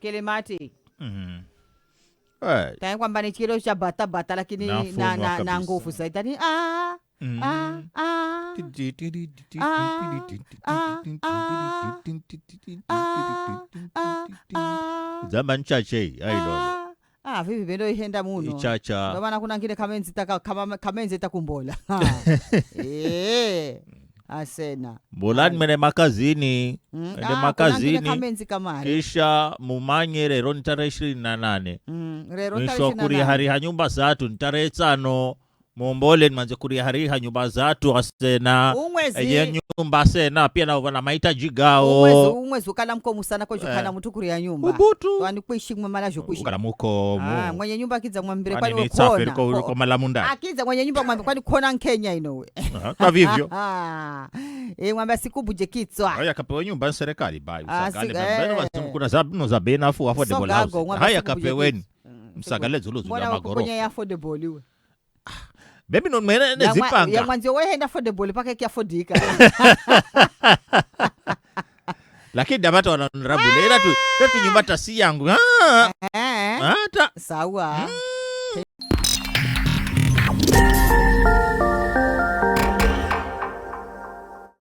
Kilimati mm kwamba ni chilo cha bata bata, lakini na, na, na, na nguvu zaidi ni yaani, ah dzamba mhm. ah, ah. ah, nchache ailolo vivi vendo ihenda muno ichacha ndomana kunangile kamenzi kamenzi takumbola eh asena mulani mene makazini mm. ende ah, makazini kisha mumanye lero ni tarehe ishirini na nane mm. nsokuri hari ha nyumba zatu ni tarehe tsano mumbole manzekuri hariha nyumba zatu asena eh, ye nyumba asena pia navo na mahitaji gao umwezi ukalamkomu sana kwezhokhala eh, mutukuria nyumba ubutu ani kuishimwe mala zhokuishikala mukomu ah, mwenye nyumba akidza mwambire kwani wekhona malamunda akidza mwenye nyumba mwambire kwani khona nkhenya inowe ah, kwa vivyo e eh, mwamba sikubuje kitswa haya kapewe nyumba serikali bai usakale ah, mbona eh. kuna zabino zabena afu afu de bolau haya kapeweni msagale zulu zulu magoro kwenye affordable bebi nomwena nezipanga yamwanziwo pake kia paka kiafodika lakini dabata wananrabule era tu nyumba tasi yangu eh, eh. hata sawa mm.